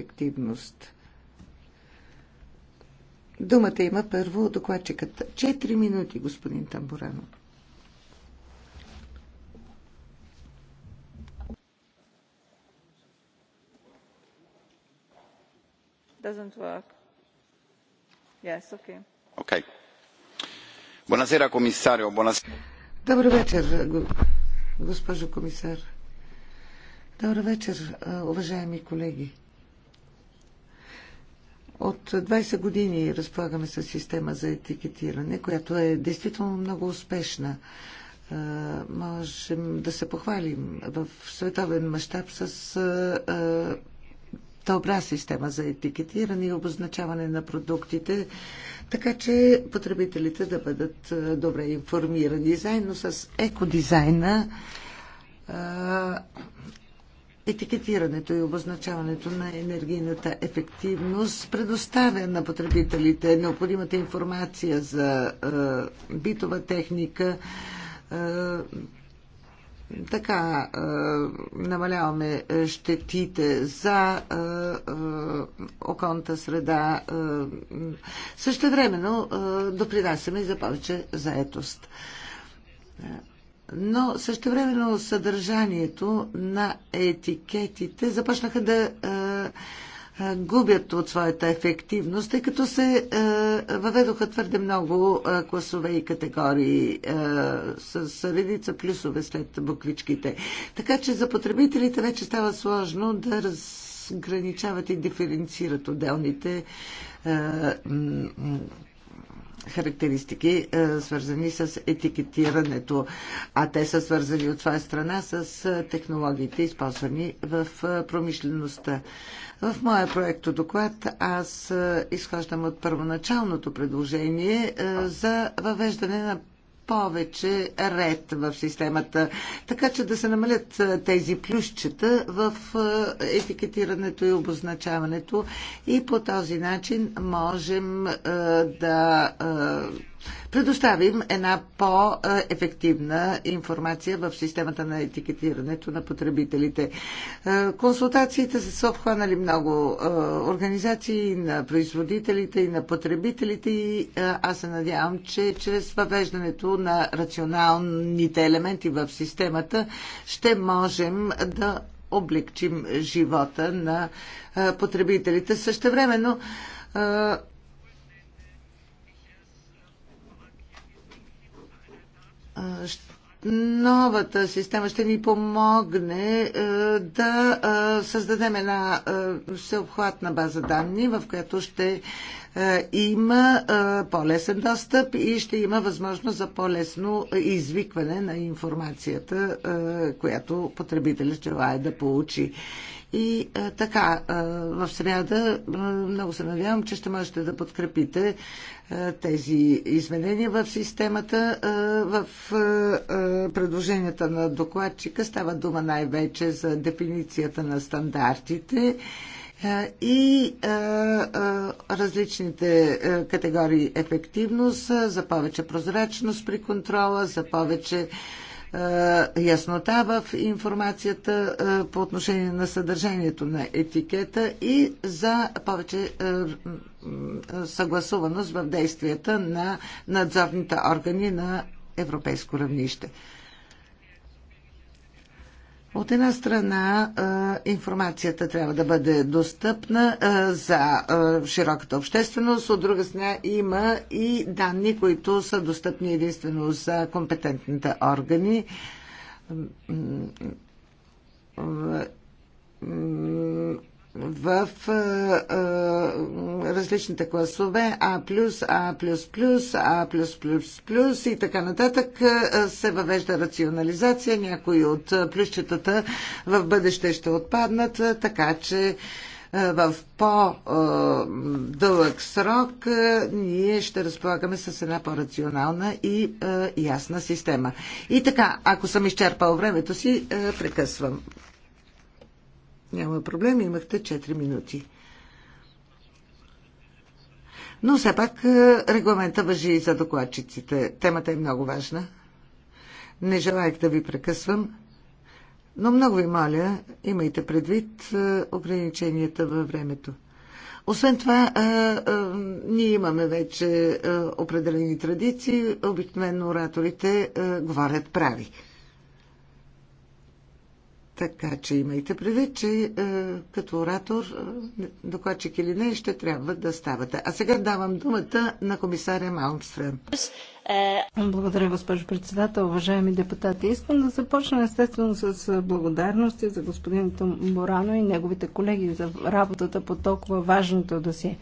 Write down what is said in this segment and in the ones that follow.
ефективност. Думата има първо докладчикът. Четири минути, господин Тамбурано. Doesn't work. Yes, okay. Okay. Buonasera, комисарио. Buonasera. Добър вечер, госпожо комисар. Добър вечер, уважаеми колеги. От 20 години разполагаме с система за етикетиране, която е действително много успешна. Можем да се похвалим в световен мащаб с добра система за етикетиране и обозначаване на продуктите, така че потребителите да бъдат добре информирани. Заедно с екодизайна етикетирането и обозначаването на енергийната ефективност предоставя на потребителите необходимата информация за е, битова техника. Е, така е, намаляваме щетите за е, е, околната среда. Е, същевременно е, допринасяме и за повече заетост но същевременно съдържанието на етикетите започнаха да е, е, губят от своята ефективност, тъй като се е, въведоха твърде много класове и категории с редица плюсове след букличките. Така че за потребителите вече става сложно да разграничават и диференцират отделните характеристики, е, свързани с етикетирането, а те са свързани от своя страна с е, технологиите, използвани в е, промишлеността. В моя проекто доклад аз изхождам от първоначалното предложение за въвеждане на повече ред в системата, така че да се намалят тези плюсчета в етикетирането и обозначаването и по този начин можем да предоставим една по-ефективна информация в системата на етикетирането на потребителите. Е, консултациите са обхванали много е, организации на производителите и на потребителите и е, аз се надявам, че чрез въвеждането на рационалните елементи в системата ще можем да облегчим живота на потребителите. Същевременно новата система ще ни помогне е, да е, създадем една е, всеобхватна база данни, в която ще има по-лесен достъп и ще има възможност за по-лесно извикване на информацията, която потребителят желая да получи. И а, така, а, в среда а, много се надявам, че ще можете да подкрепите а, тези изменения в системата. А, в а, предложенията на докладчика става дума най-вече за дефиницията на стандартите и а, а, различните категории ефективност, за повече прозрачност при контрола, за повече а, яснота в информацията по отношение на съдържанието на етикета и за повече съгласуваност в действията на надзорните органи на европейско равнище. От една страна информацията трябва да бъде достъпна за широката общественост, от друга страна има и данни, които са достъпни единствено за компетентните органи в а, а, различните класове А+, А++, А++++ и така нататък се въвежда рационализация. Някои от плюсчетата в бъдеще ще отпаднат, така че в по-дълъг срок ние ще разполагаме с една по-рационална и ясна система. И така, ако съм изчерпал времето си, прекъсвам. Няма проблем, имахте 4 минути. Но все пак е, регламента въжи и за докладчиците. Темата е много важна. Не желаях да ви прекъсвам, но много ви моля, имайте предвид е, ограниченията във времето. Освен това, а, е, а, ние имаме вече а, определени традиции. Обикновено ораторите а, говорят прави. Така че имайте предвид, че е, като оратор, е, докладчик или не, ще трябва да ставате. А сега давам думата на комисаря Малмстрем. Е, благодаря, госпожо председател. Уважаеми депутати, искам да започна естествено с благодарности за господин Борано и неговите колеги за работата по толкова важното да си.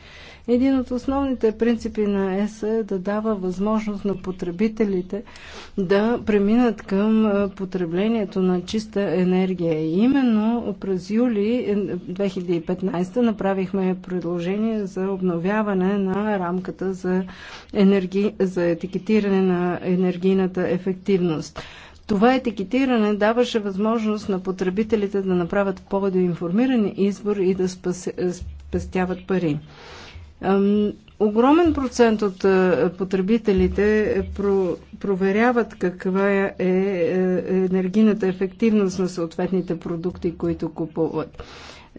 Един от основните принципи на ЕС е да дава възможност на потребителите да преминат към е, потреблението на чиста енергия. И именно през юли 2015 е, направихме предложение за обновяване на рамката за, енерги... за етикетиране етикетиране на енергийната ефективност. Това етикетиране даваше възможност на потребителите да направят по-информиран избор и да е, спестяват пари. Огромен процент от е, потребителите е, проверяват каква е енергийната ефективност на съответните продукти, които купуват.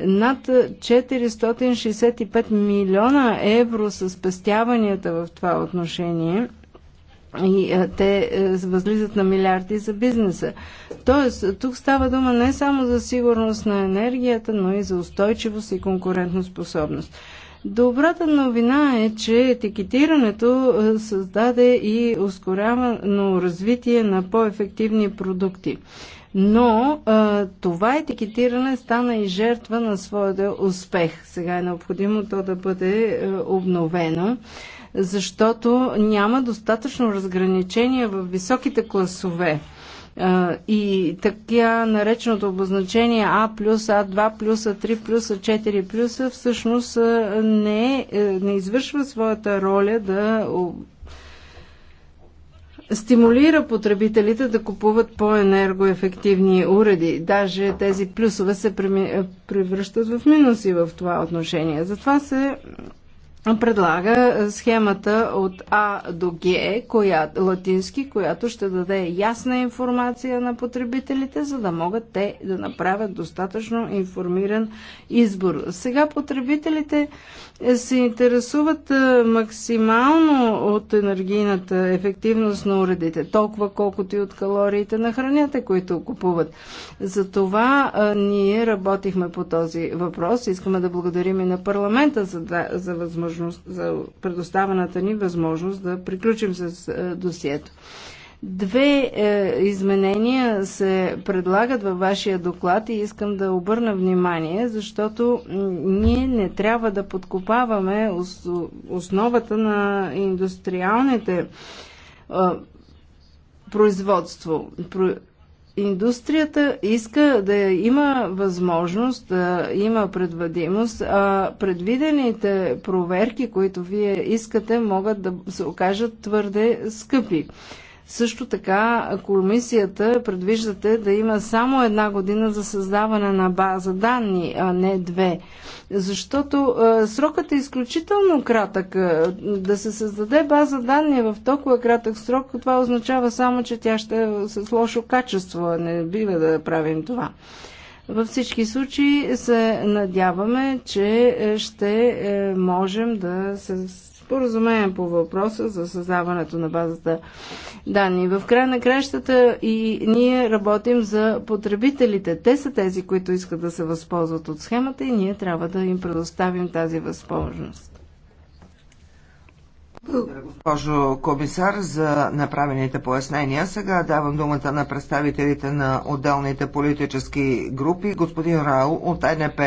Над 465 милиона евро са спестяванията в това отношение – и те е, възлизат на милиарди за бизнеса. Тоест, тук става дума не само за сигурност на енергията, но и за устойчивост и конкурентоспособност. Добрата новина е, че етикетирането е, създаде и ускорявано развитие на по-ефективни продукти. Но а, е, това етикетиране стана и жертва на своя успех. Сега е необходимо то да бъде а, обновено защото няма достатъчно разграничение в високите класове и така нареченото обозначение А+, А2+, А3+, А4+, всъщност не, е, е, не извършва своята роля да стимулира потребителите да купуват по-енергоефективни уреди. Даже тези плюсове се превръщат в минуси в това отношение. Затова се предлага схемата от А до Г, коя, латински, която ще даде ясна информация на потребителите, за да могат те да направят достатъчно информиран избор. Сега потребителите се интересуват максимално от енергийната ефективност на уредите, толкова колкото и от калориите на храните, които купуват. Затова ние работихме по този въпрос. Искаме да благодарим и на парламента за, да, за, възможност, за предоставената ни възможност да приключим с досието. Две е, изменения се предлагат във вашия доклад и искам да обърна внимание, защото ние не трябва да подкопаваме ос, основата на индустриалните е, производство. Про, индустрията иска да има възможност, да има предвидимост, а предвидените проверки, които вие искате, могат да се окажат твърде скъпи. Също така комисията предвиждате да има само една година за създаване на база данни, а не две. Защото срокът е изключително кратък. Да се създаде база данни в толкова кратък срок, това означава само, че тя ще е с лошо качество. Не бива да правим това. Във всички случаи се надяваме, че е, ще е, можем да се споразумение по въпроса за създаването на базата данни. В края на кращата и ние работим за потребителите. Те са тези, които искат да се възползват от схемата и ние трябва да им предоставим тази възможност. Благодаря, госпожо комисар, за направените пояснения. Сега давам думата на представителите на отделните политически групи. Господин Рао от НП.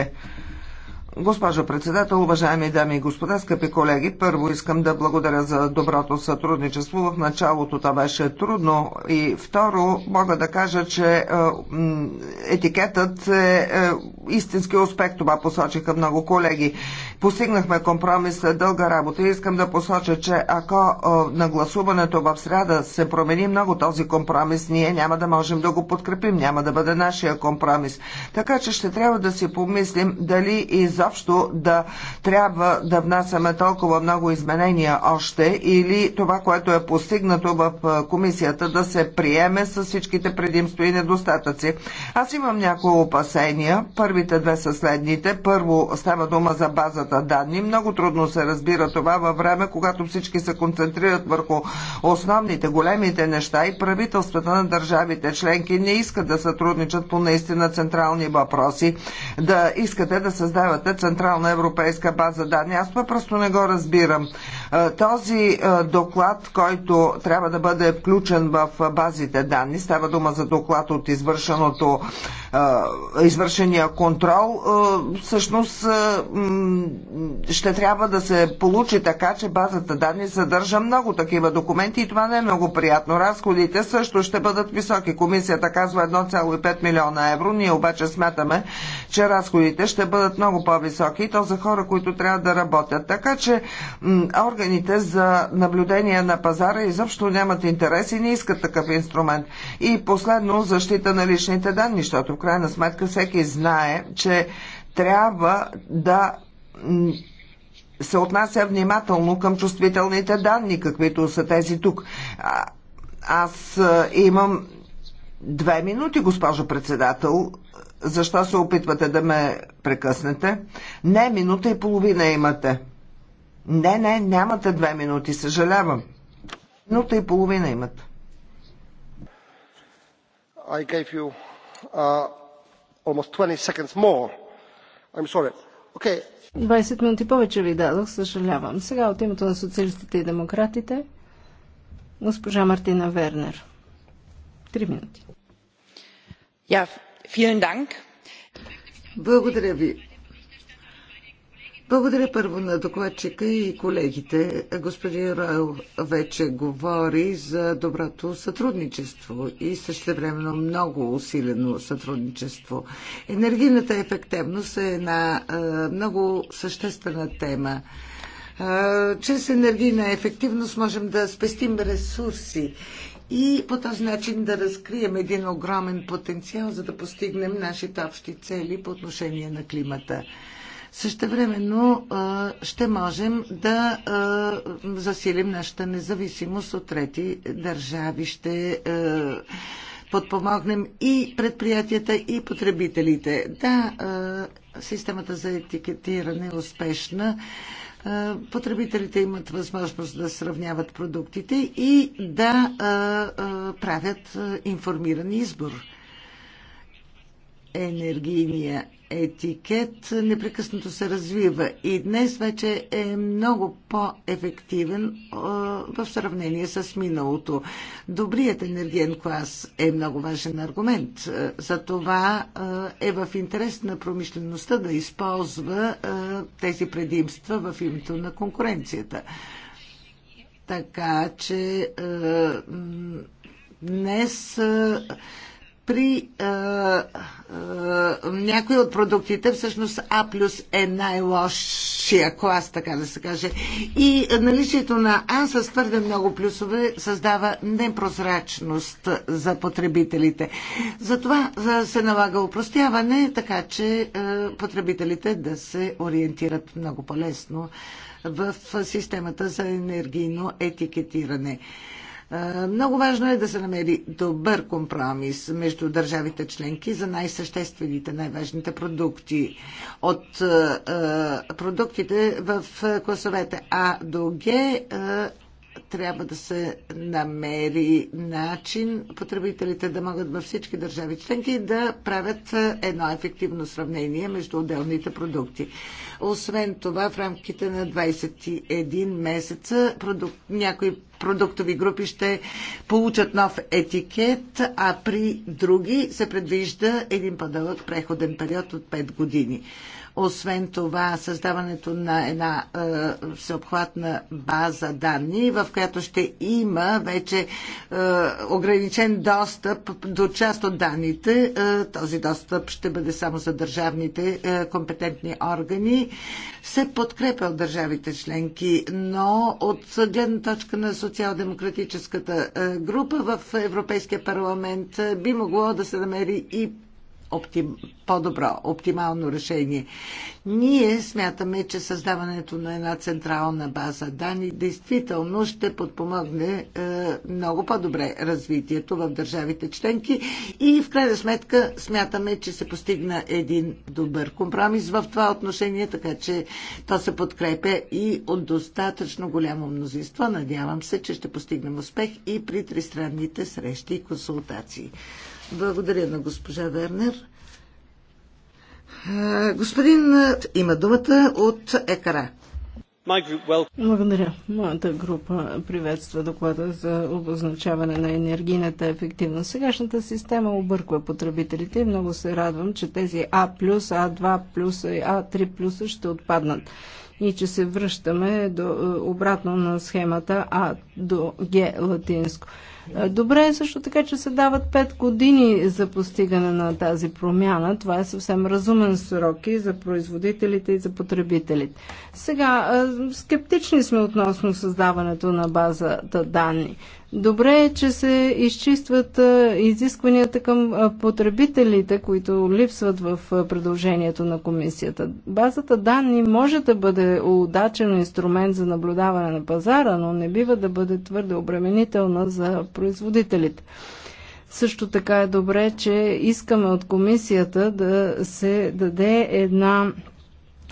Госпожо председател, уважаеми дами и господа, скъпи колеги, първо искам да благодаря за доброто сътрудничество. В началото това беше трудно и второ мога да кажа, че е, етикетът е, е истински успех, това посочиха много колеги. Постигнахме компромис след дълга работа и искам да посоча, че ако на гласуването в среда се промени много този компромис, ние няма да можем да го подкрепим, няма да бъде нашия компромис. Така че ще трябва да си помислим дали изобщо да трябва да внасяме толкова много изменения още или това, което е постигнато в комисията да се приеме с всичките предимства и недостатъци. Аз имам няколко опасения. Първите две са следните. Първо става дума за базата базата данни. Много трудно се разбира това във време, когато всички се концентрират върху основните, големите неща и правителствата на държавите членки не искат да сътрудничат по наистина централни въпроси, да искате да създавате централна европейска база данни. Аз това просто не го разбирам. Е, този е, доклад, който трябва да бъде включен в базите данни, става дума за доклад от извършеното, е, извършения контрол, всъщност ще трябва да се получи така, че базата данни съдържа много такива документи и това не е много приятно. Разходите също ще бъдат високи. Комисията казва 1,5 милиона евро, ние обаче смятаме, че разходите ще бъдат много по-високи и то за хора, които трябва да работят. Така че органите за наблюдение на пазара изобщо нямат интерес и не искат такъв инструмент. И последно, защита на личните данни, защото в крайна сметка всеки знае, че трябва да се отнася внимателно към чувствителните данни, каквито са тези тук. А, аз имам две минути, госпожо председател. Защо се опитвате да ме прекъснете? Не, минута и половина имате. Не, не, нямате две минути, съжалявам. Минута и половина имате. I gave you uh, almost 20 seconds more. I'm sorry. Okay, 20 минути повече ви дадох, съжалявам. Сега от името на социалистите и демократите, госпожа Мартина Вернер. Три минути. Ja, vielen Dank. Благодаря ви. Благодаря първо на докладчика и колегите. Господин Ройл вече говори за доброто сътрудничество и същевременно много усилено сътрудничество. Енергийната ефективност е една много съществена тема. Чрез енергийна ефективност можем да спестим ресурси и по този начин да разкрием един огромен потенциал, за да постигнем нашите общи цели по отношение на климата. Същевременно ще можем да засилим нашата независимост от трети държави. Ще подпомогнем и предприятията, и потребителите. Да, системата за етикетиране е успешна. Потребителите имат възможност да сравняват продуктите и да правят информиран избор. Енергийния етикет непрекъснато се развива и днес вече е много по-ефективен в сравнение с миналото. Добрият енергиен клас е много важен аргумент. За това е в интерес на промишлеността да използва тези предимства в името на конкуренцията. Така че днес при а, а, някои от продуктите всъщност А плюс е най-лошия клас, така да се каже. И наличието на А с твърде много плюсове създава непрозрачност за потребителите. Затова се налага упростяване, така че а, потребителите да се ориентират много по-лесно в системата за енергийно етикетиране. А, много важно е да се намери добър компромис между държавите членки за най-съществените, най-важните продукти. От продуктите в класовете А до Г трябва да се намери начин потребителите да могат във всички държави членки да правят е, едно ефективно сравнение между отделните продукти. Освен това, в рамките на 21 месеца продук... някои продуктови групи ще получат нов етикет, а при други се предвижда един по-дълъг преходен период от 5 години. Освен това, създаването на една е, всеобхватна база данни, в която ще има вече е, ограничен достъп до част от данните. Е, този достъп ще бъде само за държавните е, компетентни органи. Се подкрепя от държавите членки, но от гледна точка на социал-демократическата е, група в Европейския парламент е, би могло да се намери и оптим, по-добро, оптимално решение. Ние смятаме, че създаването на една централна база данни действително ще подпомогне е, много по-добре развитието в държавите членки и в крайна сметка смятаме, че се постигна един добър компромис в това отношение, така че то се подкрепя и от достатъчно голямо мнозинство. Надявам се, че ще постигнем успех и при тристранните срещи и консултации. Благодаря на госпожа Вернер. Господин има думата от ЕКАРА. Благодаря. Моята група приветства доклада за обозначаване на енергийната ефективност. Сегашната система обърква потребителите и много се радвам, че тези А+, А2+, и А3+, ще отпаднат и че се връщаме до, е, обратно на схемата А до Г латинско. Е, добре е също така, че се дават 5 години за постигане на тази промяна. Това е съвсем разумен срок и за производителите и за потребителите. Сега, е, скептични сме относно създаването на базата данни. Добре е, че се изчистват изискванията към потребителите, които липсват в предложението на комисията. Базата данни може да бъде удачен инструмент за наблюдаване на пазара, но не бива да бъде твърде обременителна за производителите. Също така е добре, че искаме от комисията да се даде една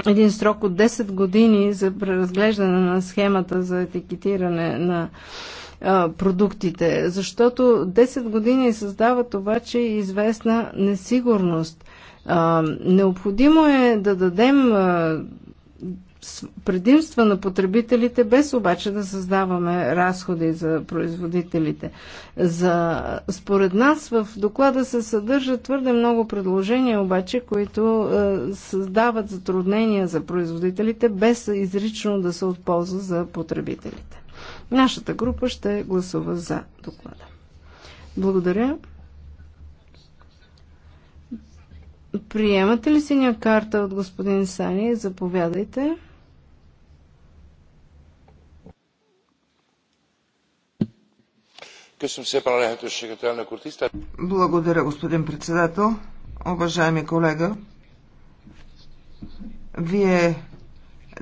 един срок от 10 години за преразглеждане на схемата за етикетиране на а, продуктите, защото 10 години създават обаче е известна несигурност. А, необходимо е да дадем а, предимства на потребителите, без обаче да създаваме разходи за производителите. За, според нас в доклада се съдържа твърде много предложения, обаче, които а, създават затруднения за производителите, без изрично да се отползва за потребителите. Нашата група ще гласува за доклада. Благодаря. Приемате ли синя карта от господин Сани? Заповядайте. Благодаря, господин председател. Уважаеми колега, вие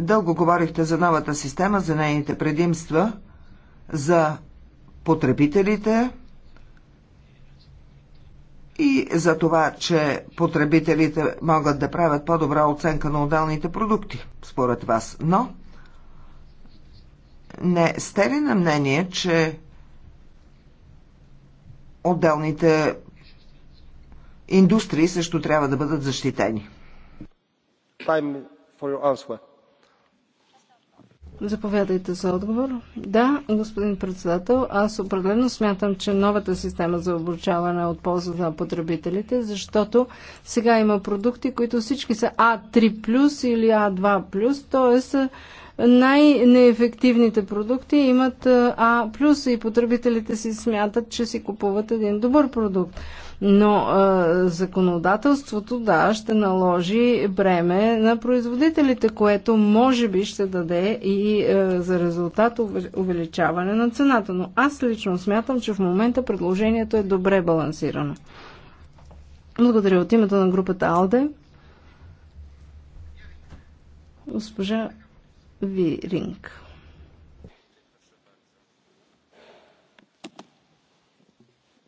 дълго говорихте за новата система, за нейните предимства – за потребителите и за това, че потребителите могат да правят по-добра оценка на отделните продукти, според вас. Но не сте ли на мнение, че отделните индустрии също трябва да бъдат защитени? Time for your answer. Заповядайте за отговор. Да, господин председател, аз определено смятам, че новата система за обучаване е от полза на потребителите, защото сега има продукти, които всички са А3 или А2, т.е. най-неефективните продукти имат А+, и потребителите си смятат, че си купуват един добър продукт. Но а, законодателството, да, ще наложи бреме на производителите, което може би ще даде и а, за резултат увеличаване на цената. Но аз лично смятам, че в момента предложението е добре балансирано. Благодаря от името на групата Алде. Госпожа Виринг.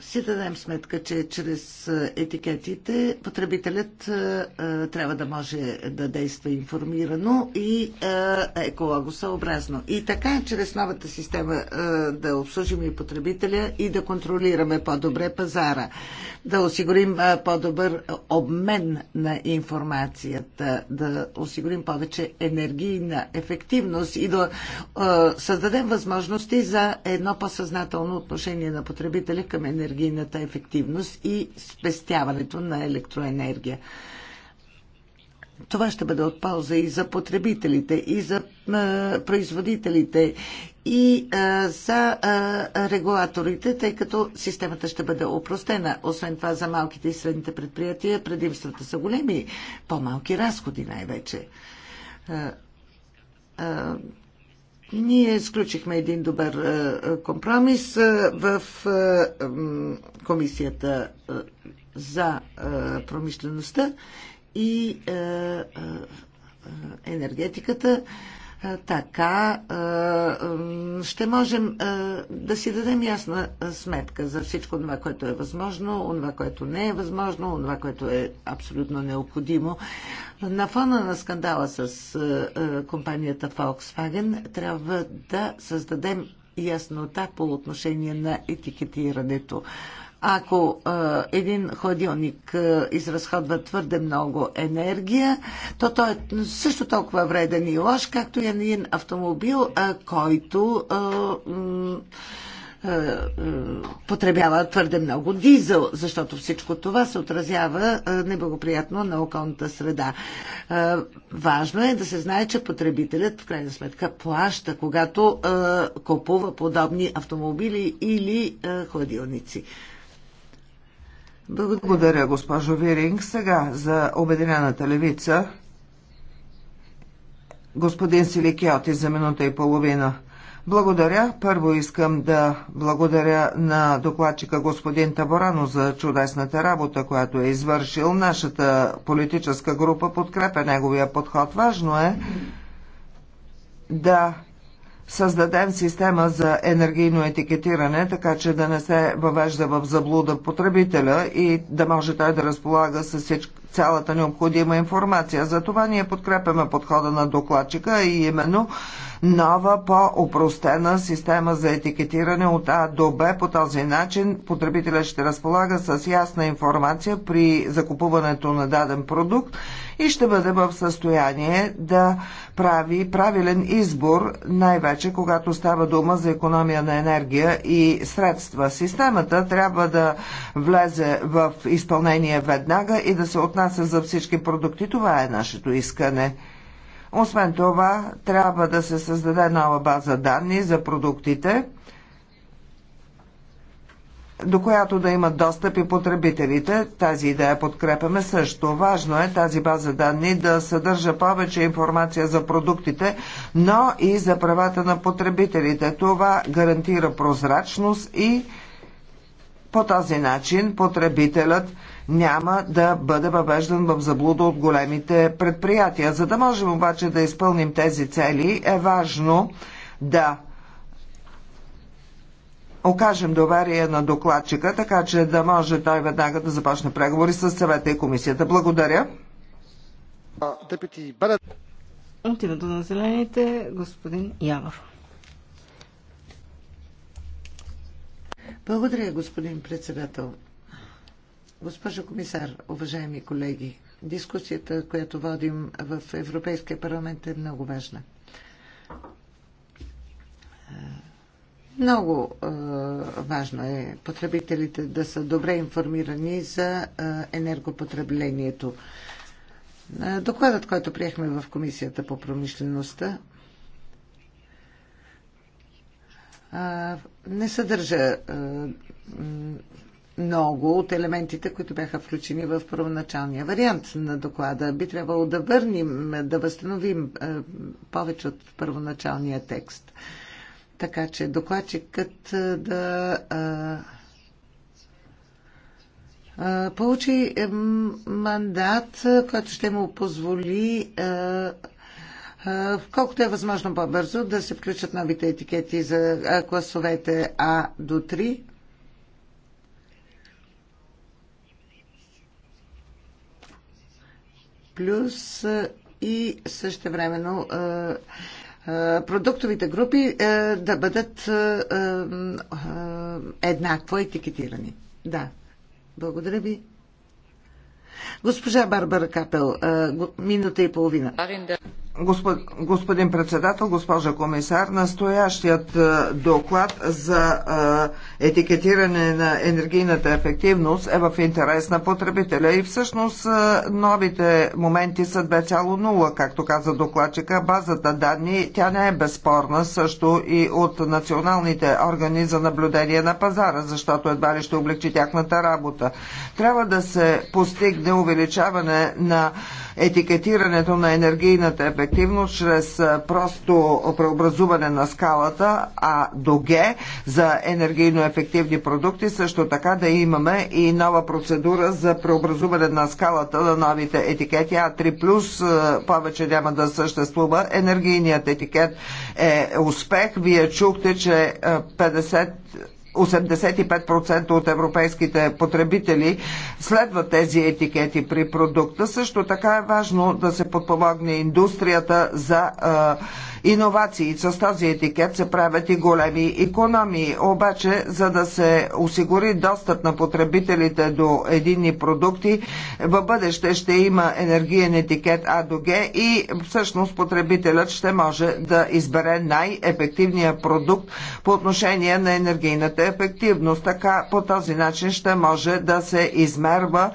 си дадем сметка, че чрез етикетите потребителят трябва да може да действа информирано и екологосъобразно. И така, чрез новата система да обслужим и потребителя и да контролираме по-добре пазара, да осигурим по-добър обмен на информацията, да осигурим повече енергийна ефективност и да създадем възможности за едно по-съзнателно отношение на потребителя към енергия енергийната ефективност и спестяването на електроенергия. Това ще бъде от полза и за потребителите, и за производителите, и за регулаторите, тъй като системата ще бъде опростена. Освен това, за малките и средните предприятия предимствата са големи, по-малки разходи най-вече ние сключихме един добър е, е, компромис е, в комисията за промишлеността и енергетиката. Така ще можем да си дадем ясна сметка за всичко това, което е възможно, това, което не е възможно, това, което е абсолютно необходимо. На фона на скандала с компанията Volkswagen трябва да създадем яснота по отношение на етикетирането. Ако а, един хладилник а, изразходва твърде много енергия, то той е също толкова вреден и лош, както и един автомобил, а, който а, потребява твърде много дизел, защото всичко това се отразява неблагоприятно на околната среда. Важно е да се знае, че потребителят в крайна сметка плаща, когато купува подобни автомобили или хладилници. Благодаря, госпожо Виринг. Сега за Обединената левица. Господин Силикиоти за минута и половина. Благодаря. Първо искам да благодаря на докладчика господин Таборано за чудесната работа, която е извършил. Нашата политическа група подкрепя неговия подход. Важно е да създадем система за енергийно етикетиране, така че да не се въвежда в заблуда потребителя и да може той да разполага с цялата необходима информация. Затова ние подкрепяме подхода на докладчика и именно нова, по-опростена система за етикетиране от А до Б. По този начин потребителя ще разполага с ясна информация при закупуването на даден продукт и ще бъде в състояние да прави правилен избор, най-вече когато става дума за економия на енергия и средства. Системата трябва да влезе в изпълнение веднага и да се отнася за всички продукти. Това е нашето искане. Освен това, трябва да се създаде нова база данни за продуктите, до която да имат достъп и потребителите. Тази идея подкрепяме също. Важно е тази база данни да съдържа повече информация за продуктите, но и за правата на потребителите. Това гарантира прозрачност и по този начин потребителят няма да бъде въвеждан в заблуда от големите предприятия. За да можем обаче да изпълним тези цели, е важно да окажем доверие на докладчика, така че да може той веднага да започне преговори с съвета и комисията. Благодаря. От името на зелените, господин Явор. Благодаря, господин председател. Госпожо комисар, уважаеми колеги, дискусията, която водим в Европейския парламент е много важна. Много е, важно е потребителите да са добре информирани за е, енергопотреблението. Докладът, който приехме в Комисията по промишлеността, не съдържа много от елементите, които бяха включени в първоначалния вариант на доклада. Би трябвало да върнем, да възстановим е, повече от първоначалния текст. Така че докладчикът е, да е, получи мандат, който ще му позволи колкото е възможно по-бързо да се включат новите етикети за класовете А до 3 плюс и същевременно продуктовите групи да бъдат еднакво етикетирани. Да. Благодаря ви. Госпожа Барбара Капел, минута и половина. Господ, господин председател, госпожа комисар, настоящият е, доклад за е, етикетиране на енергийната ефективност е в интерес на потребителя и всъщност е, новите моменти са 2,0, както каза докладчика. Базата данни, тя не е безспорна също и от националните органи за наблюдение на пазара, защото едва ли ще облегчи тяхната работа. Трябва да се постигне увеличаване на етикетирането на енергийната ефективност ефективно чрез просто преобразуване на скалата А до Г за енергийно ефективни продукти. Също така да имаме и нова процедура за преобразуване на скалата на новите етикети А3+, повече няма да съществува. Енергийният етикет е успех. Вие чухте, че 50 85% от европейските потребители следват тези етикети при продукта. Също така е важно да се подпомогне индустрията за иновации. С този етикет се правят и големи економии. Обаче, за да се осигури достъп на потребителите до единни продукти, в бъдеще ще има енергиен етикет А до Г и всъщност потребителят ще може да избере най-ефективния продукт по отношение на енергийната ефективност. Така по този начин ще може да се измерва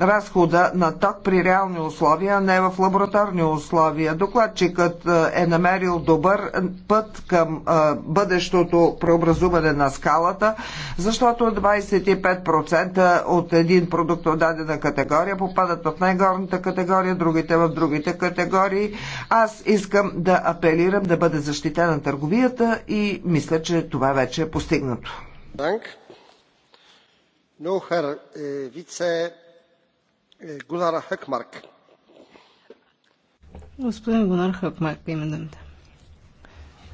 разхода на ток при реални условия, а не в лабораторни условия. Докладчикът е намерил бил добър път към а, бъдещото преобразуване на скалата, защото 25% от един продукт от дадена категория попадат в най-горната категория, другите в другите категории. Аз искам да апелирам да бъде защитена търговията и мисля, че това вече е постигнато. Е, е, Господин Гонар Хакмарк, има да.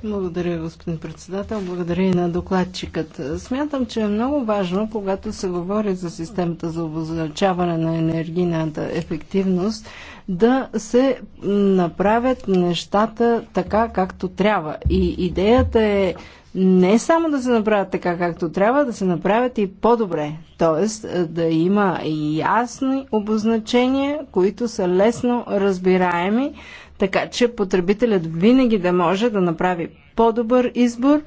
Благодаря, господин председател. Благодаря и на докладчикът. Смятам, че е много важно, когато се говори за системата за обозначаване на енергийната ефективност, да се направят нещата така, както трябва. И идеята е не само да се направят така, както трябва, да се направят и по-добре. Тоест е, да има ясни обозначения, които са лесно разбираеми, така че потребителят винаги да може да направи по-добър избор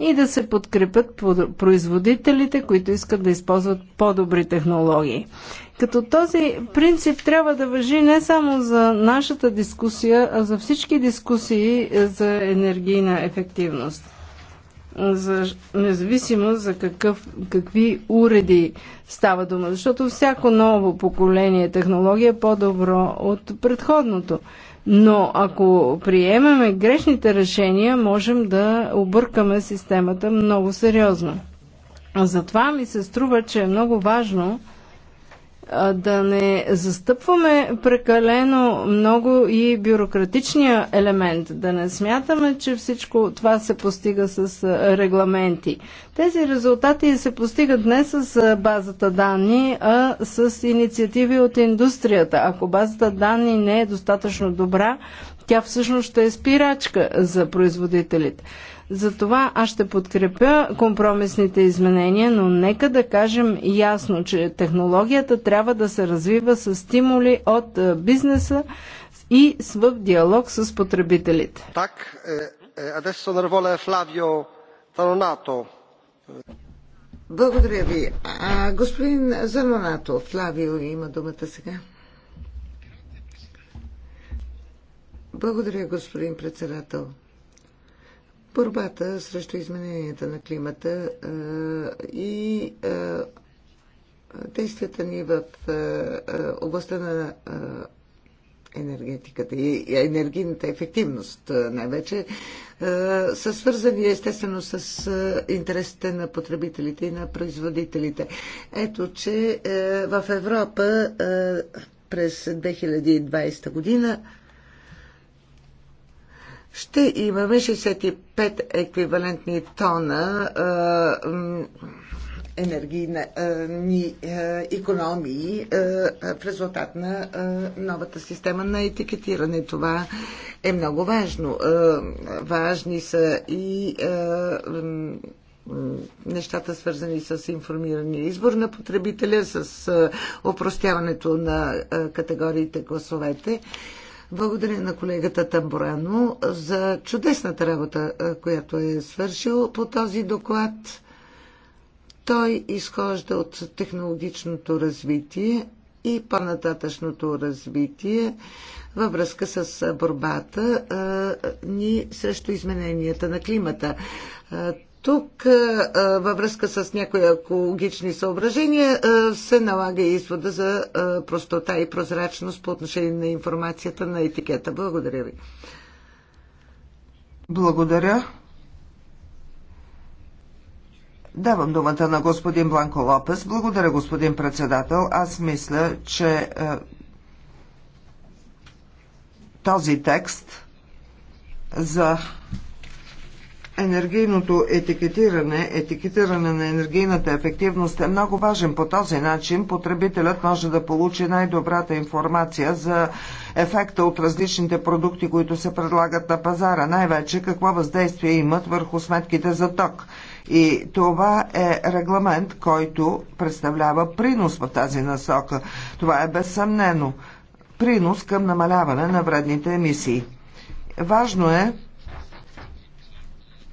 и да се подкрепят производителите, които искат да използват по-добри технологии. Като този принцип трябва да въжи не само за нашата дискусия, а за всички дискусии за енергийна ефективност. За, независимо за какъв, какви уреди става дума, защото всяко ново поколение технология е по-добро от предходното. Но ако приемаме грешните решения, можем да объркаме системата много сериозно. Затова ми се струва, че е много важно да не застъпваме прекалено много и бюрократичния елемент, да не смятаме, че всичко това се постига с регламенти. Тези резултати се постигат не с базата данни, а с инициативи от индустрията. Ако базата данни не е достатъчно добра, тя всъщност ще е спирачка за производителите. Затова аз ще подкрепя компромисните изменения, но нека да кажем ясно, че технологията трябва да се развива с стимули от е, бизнеса и в диалог с потребителите. Так, е, е, adesso onorevole Flavio Taronato. Благодаря ви. А, господин Занонато, Флавио има думата сега. Благодаря, господин председател борбата срещу измененията на климата и действията ни в областта на енергетиката и енергийната ефективност най-вече са свързани естествено с интересите на потребителите и на производителите. Ето, че в Европа през 2020 година ще имаме 65 еквивалентни тона енергийни економии в резултат на новата система на етикетиране. Това е много важно. Важни са и нещата свързани с информирания избор на потребителя, с опростяването на категориите гласовете. Благодаря на колегата Тамбурано за чудесната работа, която е свършил по този доклад. Той изхожда от технологичното развитие и по-нататъчното развитие във връзка с борбата ни срещу измененията на климата. Тук във връзка с някои екологични съображения се налага извода за простота и прозрачност по отношение на информацията на етикета. Благодаря ви. Благодаря. Давам думата на господин Бланко Лопес. Благодаря, господин председател. Аз мисля, че е, този текст за Енергийното етикетиране, етикетиране на енергийната ефективност е много важен. По този начин потребителят може да получи най-добрата информация за ефекта от различните продукти, които се предлагат на пазара, най-вече какво въздействие имат върху сметките за ток. И това е регламент, който представлява принос в тази насока. Това е безсъмнено принос към намаляване на вредните емисии. Важно е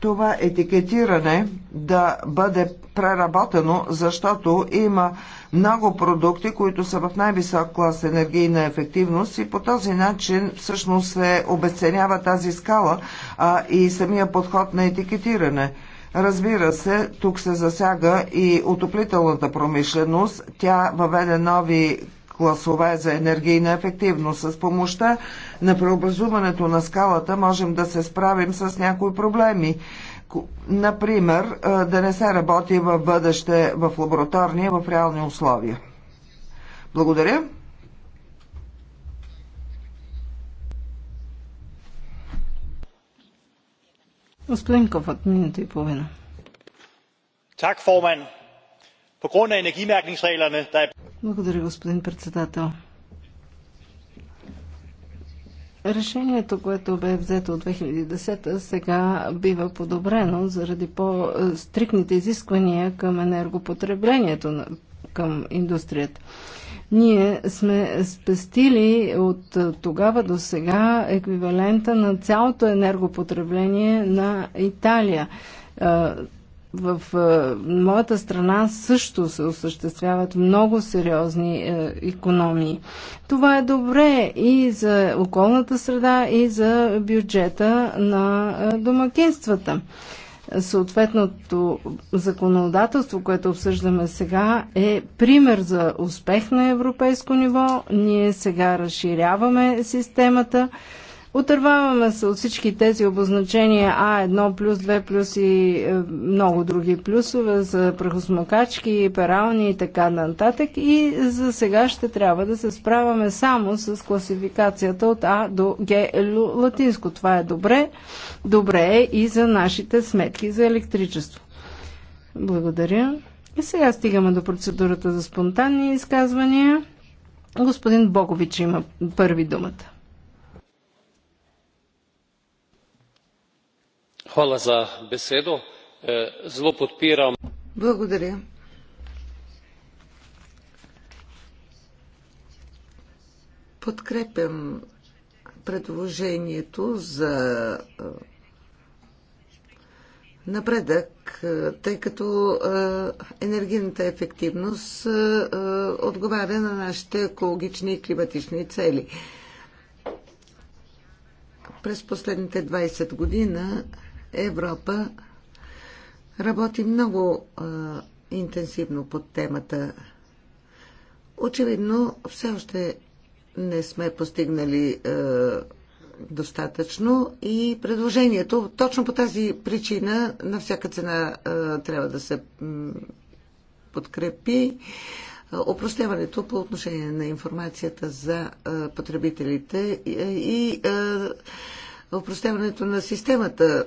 това етикетиране да бъде преработено, защото има много продукти, които са в най-висок клас енергийна ефективност и по този начин всъщност се обесценява тази скала а, и самия подход на етикетиране. Разбира се, тук се засяга и отоплителната промишленост. Тя въведе нови класове за енергийна ефективност. С помощта на преобразуването на скалата можем да се справим с някои проблеми. Например, да не се работи в бъдеще в лабораторния в реални условия. Благодаря. Господин Кофът, минута и половина. Так, форман grund af energimærkningsreglerne, der er... Благодаря, господин председател. Решението, което бе взето от 2010, сега бива подобрено заради по-стрикните изисквания към енергопотреблението на, към индустрията. Ние сме спестили от тогава до сега еквивалента на цялото енергопотребление на Италия в е, моята страна също се осъществяват много сериозни економии. Това е добре и за околната среда, и за бюджета на е, домакинствата. Съответното законодателство, което обсъждаме сега, е пример за успех на европейско ниво. Ние сега разширяваме системата Отърваваме се от всички тези обозначения А1 плюс 2 плюс и е, много други плюсове за прахосмокачки, перални и така нататък. И за сега ще трябва да се справяме само с класификацията от А до Г латинско. Това е добре. Добре е и за нашите сметки за електричество. Благодаря. И сега стигаме до процедурата за спонтанни изказвания. Господин Богович има първи думата. E, Благодаря. Подкрепям предложението за е, напредък, е, тъй като е, енергийната ефективност отговаря на нашите екологични и климатични цели. През последните 20 година Европа работи много а, интенсивно под темата. Очевидно, все още не сме постигнали а, достатъчно и предложението точно по тази причина на всяка цена а, трябва да се м, подкрепи. Опростяването по отношение на информацията за а, потребителите и, и а, опростяването на системата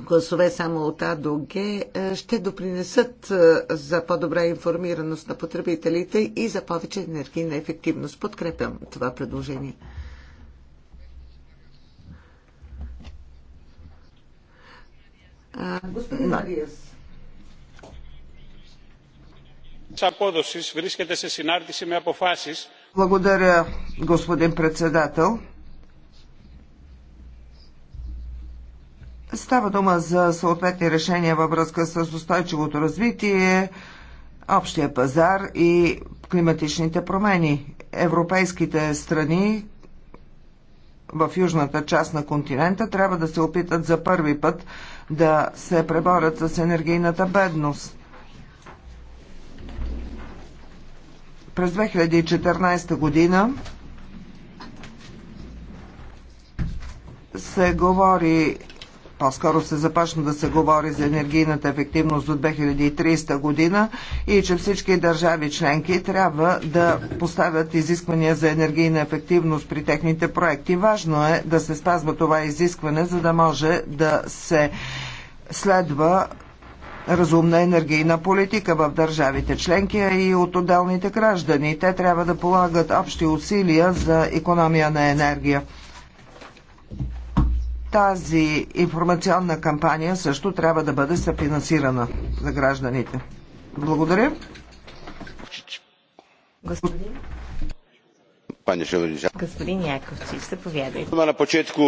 гласове само от А до Г е, ще допринесат е, за по-добра информираност на потребителите и за повече енергийна ефективност. Подкрепям това предложение. Господин Мариас. Благодаря, господин председател. Става дума за съответни решения във връзка с устойчивото развитие, общия пазар и климатичните промени. Европейските страни в южната част на континента трябва да се опитат за първи път да се преборят с енергийната бедност. През 2014 година се говори по-скоро се започна да се говори за енергийната ефективност до 2030 година и че всички държави членки трябва да поставят изисквания за енергийна ефективност при техните проекти. Важно е да се спазва това изискване, за да може да се следва разумна енергийна политика в държавите членки, и от отделните граждани. Те трябва да полагат общи усилия за економия на енергия. Тази информационна кампания също трябва да бъде съфинансирана за гражданите. Благодаря. Господин. Господин се заповядайте. На почетку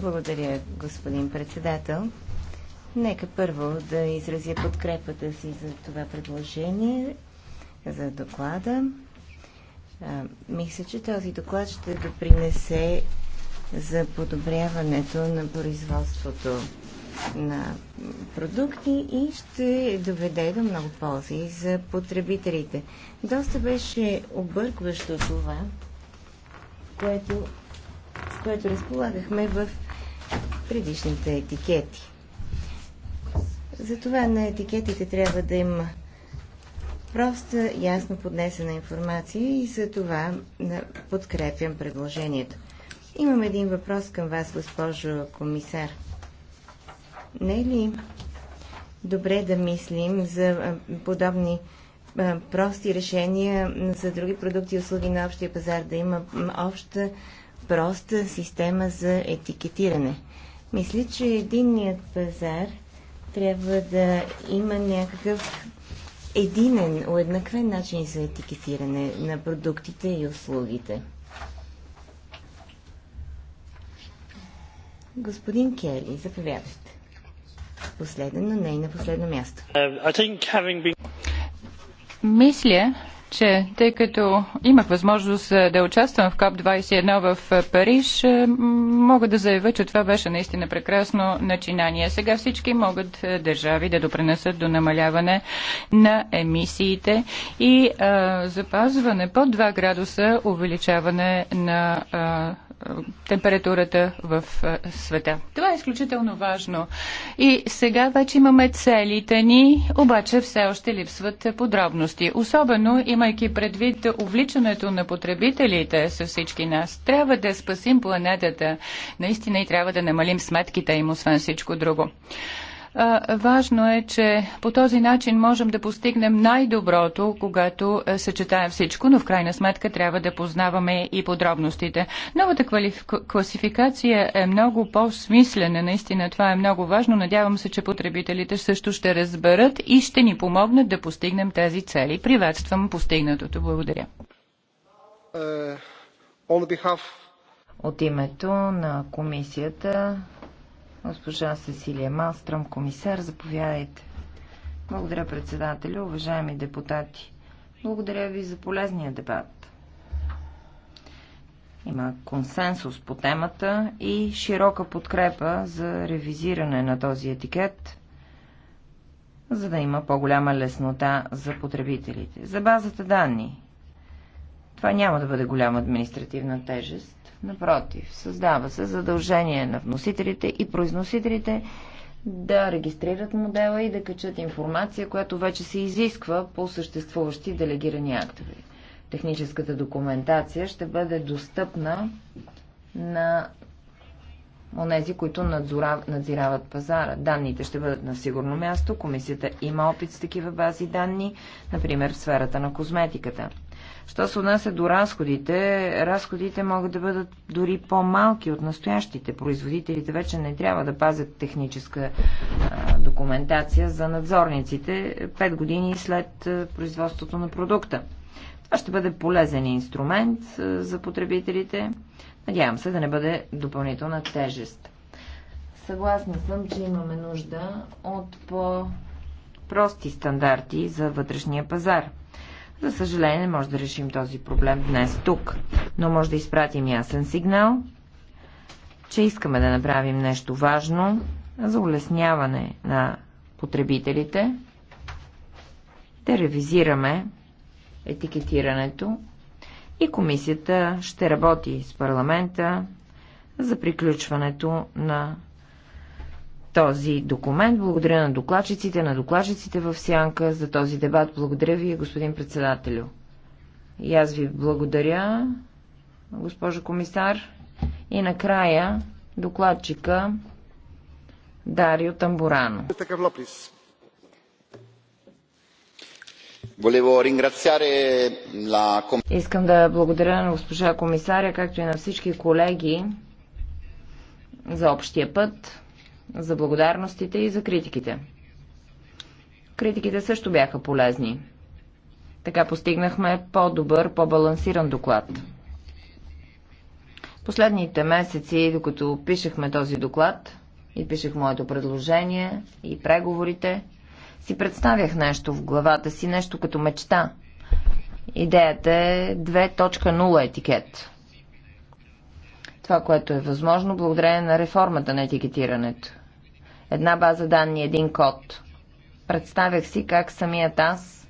благодаря, господин председател. Нека първо да изразя подкрепата си за това предложение, за доклада. А, мисля, че този доклад ще допринесе за подобряването на производството на продукти и ще доведе до много ползи за потребителите. Доста беше объркващо това, което, с което разполагахме в предишните етикети. Затова на етикетите трябва да има проста, ясно поднесена информация и за това подкрепям предложението. Имам един въпрос към вас, госпожо комисар. Не е ли добре да мислим за подобни прости решения за други продукти и услуги на общия пазар, да има обща проста система за етикетиране. Мисля, че единният пазар трябва да има някакъв единен, уеднаквен начин за етикетиране на продуктите и услугите. Господин Кели, заповядайте. Последен, но не и на последно място. Uh, been... Мисля, че тъй като имах възможност е, да участвам в КОП-21 в е, Париж, е, мога да заявя, че това беше наистина прекрасно начинание. Сега всички могат държави да допренесат до намаляване на емисиите и а, запазване под 2 градуса увеличаване на а, температурата в света. Това е изключително важно. И сега вече имаме целите ни, обаче все още липсват подробности. Особено имайки предвид увличането на потребителите с всички нас. Трябва да спасим планетата. Наистина и трябва да намалим сметките им, освен всичко друго. Важно е, че по този начин можем да постигнем най-доброто, когато е, съчетаем всичко, но в крайна сметка трябва да познаваме и подробностите. Новата квалиф... класификация е много по-смислена. Наистина това е много важно. Надявам се, че потребителите също ще разберат и ще ни помогнат да постигнем тези цели. Приветствам постигнатото. Благодаря. Е, От името на комисията Госпожа Сесилия Малстрам, комисар, заповядайте. Благодаря, председателю, уважаеми депутати. Благодаря ви за полезния дебат. Има консенсус по темата и широка подкрепа за ревизиране на този етикет, за да има по-голяма леснота за потребителите. За базата данни това няма да бъде голяма административна тежест. Напротив, създава се задължение на вносителите и произносителите да регистрират модела и да качат информация, която вече се изисква по съществуващи делегирани актове. Техническата документация ще бъде достъпна на онези, които надзирават пазара. Данните ще бъдат на сигурно място. Комисията има опит с такива бази данни, например в сферата на козметиката. Що се отнася до разходите, разходите могат да бъдат дори по-малки от настоящите. Производителите вече не трябва да пазят техническа а, документация за надзорниците 5 години след производството на продукта. Това ще бъде полезен инструмент за потребителите. Надявам се да не бъде допълнителна тежест. Съгласна съм, че имаме нужда от по-прости стандарти за вътрешния пазар. За съжаление, не може да решим този проблем днес тук, но може да изпратим ясен сигнал, че искаме да направим нещо важно за улесняване на потребителите, да ревизираме етикетирането и комисията ще работи с парламента за приключването на този документ. Благодаря на докладчиците, на докладчиците в Сянка за този дебат. Благодаря ви, господин председателю. И аз ви благодаря, госпожо комисар. И накрая докладчика Дарио Тамбурано. Искам да благодаря на госпожа комисаря, както и на всички колеги за общия път за благодарностите и за критиките. Критиките също бяха полезни. Така постигнахме по-добър, по-балансиран доклад. Последните месеци, докато пишехме този доклад и пишех моето предложение и преговорите, си представях нещо в главата си, нещо като мечта. Идеята е 2.0 етикет. Това, което е възможно благодарение на реформата на етикетирането. Една база данни, един код. Представях си как самият аз,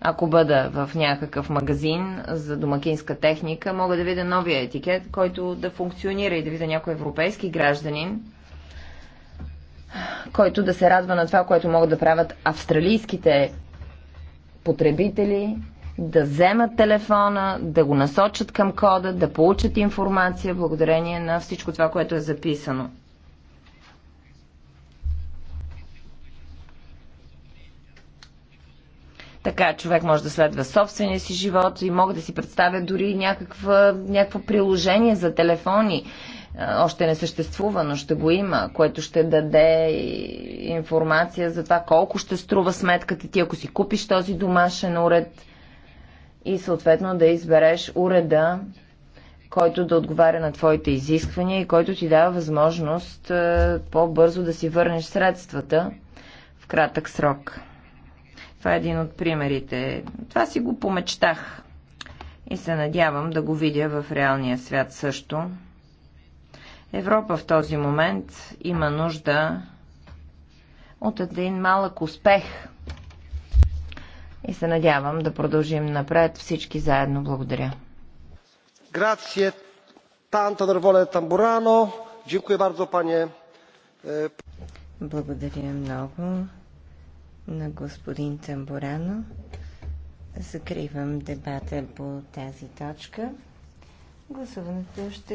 ако бъда в някакъв магазин за домакинска техника, мога да видя новия етикет, който да функционира и да видя някой европейски гражданин, който да се радва на това, което могат да правят австралийските потребители да вземат телефона, да го насочат към кода, да получат информация благодарение на всичко това, което е записано. Така човек може да следва собствения си живот и мога да си представя дори някаква, някакво приложение за телефони. Е, още не съществува, но ще го има, което ще даде информация за това колко ще струва сметката ти, ако си купиш този домашен уред и съответно да избереш уреда, който да отговаря на твоите изисквания и който ти дава възможност е, по-бързо да си върнеш средствата в кратък срок. Това е един от примерите. Това си го помечтах и се надявам да го видя в реалния свят също. Европа в този момент има нужда от един малък успех – и се надявам да продължим напред всички заедно. Благодаря. Е, Благодаря много на господин Тамбурано. Закривам дебата по тази точка. Гласуването ще се